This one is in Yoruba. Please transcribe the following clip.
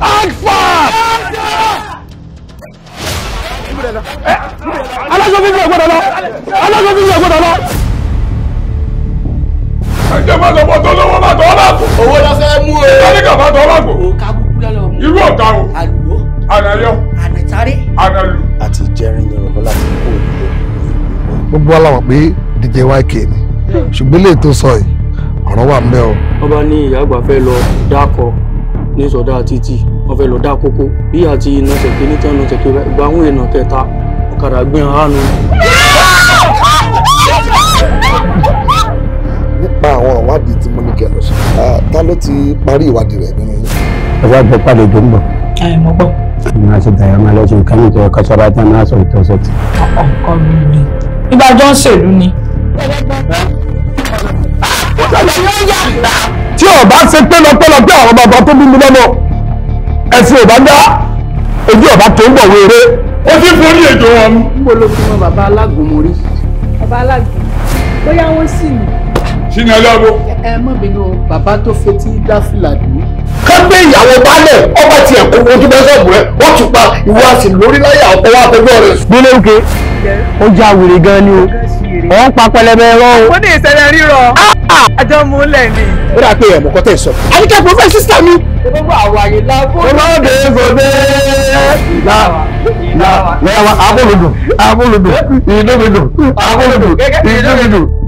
Alfa! Alájọ́ bíbí ẹ̀ gbọ́dọ̀ lọ! Alájọ́ bíbí ẹ̀ gbọ́dọ̀ lọ! Ẹ̀jẹ̀ máa lọ́wọ́ tó lọ́wọ́ máa tọ́ láàbò. Owó lọ fẹ́ mú o. Tọ́líkà máa tọ́ láàbò. Òkà kúkú lọ́lọ́ mú. Irú ọ̀tá o. Àlùwọ́. Ànàyọ. Ànàtáré. Ànàlù. Àti jẹrin ni Rọ̀mọ́lá ti kó òní lọ. Gbogbo aláwọ̀ pé DJ YK ni. Ṣùgbọ́n ilé ètò sọ yìí, ọ̀rọ̀ wà ń bẹ́ o. Ọba ní ìyá àgbà fẹ́ lọ dákọ̀ ní sọdá títì wọn fẹ́ lọ dá kókó bí àti iná tẹkẹ ní tẹnu tẹkẹ gba àwọn èèyàn kẹta ọ̀kadà gbé hànú. nípa àwọn ìwádìí tí mo ní kẹ́ lọ sí ta ló ti parí ìwádìí rẹ̀ nínú ilé. ẹ wá gbọ́ pàdé tó ń bọ̀. ẹ mọ gbọ́. àwọn àti dàyà máa lọ́jọ́ ìkànnì tó ẹ̀kọ́ sọ́ra tí a máa sọ ìtọ́sọ́ ti. ọkọ mi ni ìgbàjọ́ ń ṣèlú ni. ọ̀rọ̀ mi ò yà tí ò bá ṣe pé lọ́pọ̀lọpọ̀ àwọn bàbá tó bí mi lọ́nà ẹ̀sìn ò bá dá ojú ọ̀bá tó ń bọ̀ wéré. ó ti fún ní ètò wọn. níbo ló fi mọ bàbá alágùnmọ̀ rí. bàbá alágùn bóyá wọ́n sì ní. sí ni ọlọ́wọ́. ẹ ẹ mọ̀ bínú bàbá tó fetí dá fìlà dùn. ká gbé ìyàwó balẹ̀ ọba tiẹ̀ kó ojú bá sọ̀bù rẹ̀ wọ́n ti pa ìwọ àsìlórí láyà ọ̀pọ̀ wa àtẹgbẹ́ rẹ̀. gbólóńké ó já wèrè gan ni o kiri. wọ́n ń pa pẹlẹbẹ rọ o. ó ní ìṣẹ̀lẹ̀ rírọ. àjọ ah! múlẹ̀ ni. ó dà pé ẹ̀mú kọ́tẹ́ sọ. àyíká prọfẹ́ sísá mi. gbogbo àwọn àyè lábọ́. ọlọ́dẹ gbọdẹ. ìlà ìlà wẹ́wà abúlùdùn abúlùdùn ìdúmìdùn abúlùdùn ìdúmìdùn.